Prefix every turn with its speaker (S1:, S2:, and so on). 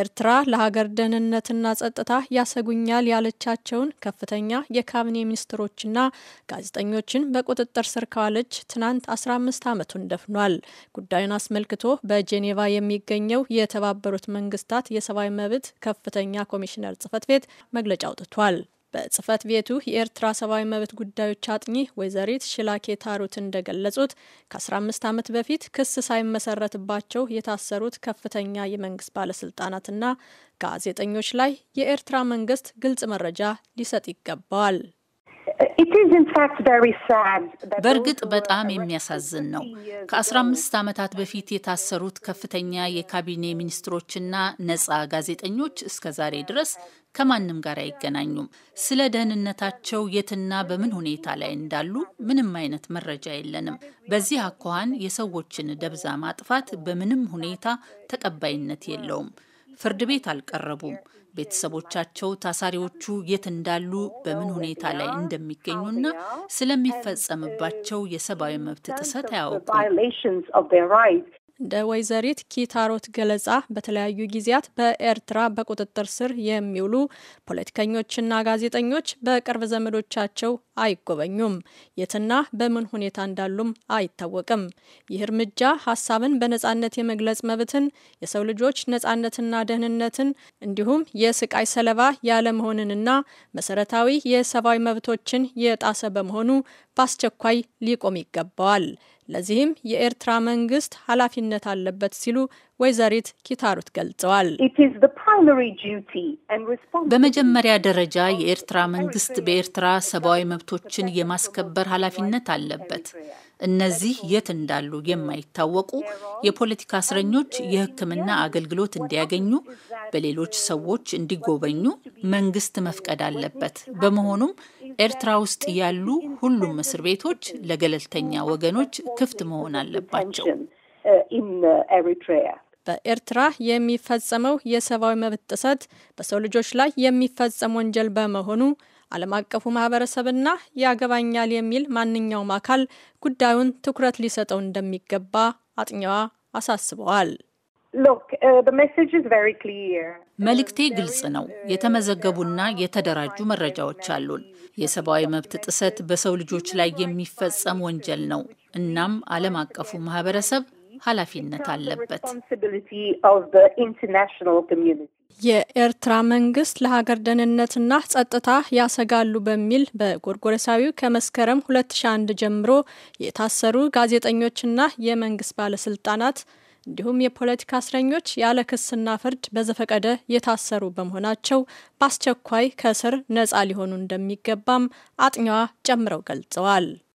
S1: ኤርትራ ለሀገር ደህንነትና ጸጥታ ያሰጉኛል ያለቻቸውን ከፍተኛ የካቢኔ ሚኒስትሮችና ጋዜጠኞችን በቁጥጥር ስር ካዋለች ትናንት 15 ዓመቱን ደፍኗል። ጉዳዩን አስመልክቶ በጄኔቫ የሚገኘው የተባበሩት መንግስታት የሰብአዊ መብት ከፍተኛ ኮሚሽነር ጽህፈት ቤት መግለጫ አውጥቷል። በጽህፈት ቤቱ የኤርትራ ሰብአዊ መብት ጉዳዮች አጥኚ ወይዘሪት ሽላኬ ታሩት እንደገለጹት ከ15 ዓመት በፊት ክስ ሳይመሰረትባቸው የታሰሩት ከፍተኛ የመንግስት ባለስልጣናትና ጋዜጠኞች ላይ የኤርትራ መንግስት ግልጽ መረጃ ሊሰጥ ይገባዋል። በእርግጥ በጣም የሚያሳዝን
S2: ነው። ከ15 ዓመታት በፊት የታሰሩት ከፍተኛ የካቢኔ ሚኒስትሮችና ነፃ ጋዜጠኞች እስከ ዛሬ ድረስ ከማንም ጋር አይገናኙም። ስለ ደህንነታቸው የትና በምን ሁኔታ ላይ እንዳሉ ምንም አይነት መረጃ የለንም። በዚህ አኳኋን የሰዎችን ደብዛ ማጥፋት በምንም ሁኔታ ተቀባይነት የለውም። ፍርድ ቤት አልቀረቡም። ቤተሰቦቻቸው ታሳሪዎቹ የት እንዳሉ፣ በምን ሁኔታ ላይ እንደሚገኙና ስለሚፈጸምባቸው የሰብአዊ መብት ጥሰት
S1: አያውቁም። እንደ ወይዘሪት ኪታሮት ገለጻ በተለያዩ ጊዜያት በኤርትራ በቁጥጥር ስር የሚውሉ ፖለቲከኞችና ጋዜጠኞች በቅርብ ዘመዶቻቸው አይጎበኙም፣ የትና በምን ሁኔታ እንዳሉም አይታወቅም። ይህ እርምጃ ሀሳብን በነጻነት የመግለጽ መብትን፣ የሰው ልጆች ነጻነትና ደህንነትን እንዲሁም የስቃይ ሰለባ ያለመሆንንና መሰረታዊ የሰብአዊ መብቶችን የጣሰ በመሆኑ በአስቸኳይ ሊቆም ይገባዋል። ለዚህም የኤርትራ መንግስት ኃላፊነት አለበት ሲሉ ወይዘሪት ኪታሩት ገልጸዋል። በመጀመሪያ ደረጃ የኤርትራ መንግስት
S2: በኤርትራ ሰብአዊ መብቶችን የማስከበር ኃላፊነት አለበት። እነዚህ የት እንዳሉ የማይታወቁ የፖለቲካ እስረኞች የሕክምና አገልግሎት እንዲያገኙ፣ በሌሎች ሰዎች እንዲጎበኙ መንግስት መፍቀድ አለበት። በመሆኑም ኤርትራ ውስጥ ያሉ ሁሉም እስር ቤቶች ለገለልተኛ ወገኖች ክፍት መሆን አለባቸው።
S1: በኤርትራ የሚፈጸመው የሰብአዊ መብት ጥሰት በሰው ልጆች ላይ የሚፈጸም ወንጀል በመሆኑ ዓለም አቀፉ ማህበረሰብና ያገባኛል የሚል ማንኛውም አካል ጉዳዩን ትኩረት ሊሰጠው እንደሚገባ አጥኚዋ አሳስበዋል። Uh,
S2: መልእክቴ ግልጽ ነው። የተመዘገቡና የተደራጁ መረጃዎች አሉን። የሰብአዊ መብት ጥሰት በሰው ልጆች ላይ የሚፈጸም ወንጀል ነው። እናም ዓለም አቀፉ ማህበረሰብ ኃላፊነት አለበት።
S1: የኤርትራ መንግስት ለሀገር ደህንነትና ጸጥታ ያሰጋሉ በሚል በጎርጎረሳዊው ከመስከረም 2001 ጀምሮ የታሰሩ ጋዜጠኞችና የመንግስት ባለስልጣናት እንዲሁም የፖለቲካ እስረኞች ያለ ክስና ፍርድ በዘፈቀደ የታሰሩ በመሆናቸው በአስቸኳይ ከእስር ነጻ ሊሆኑ እንደሚገባም አጥኚዋ ጨምረው ገልጸዋል።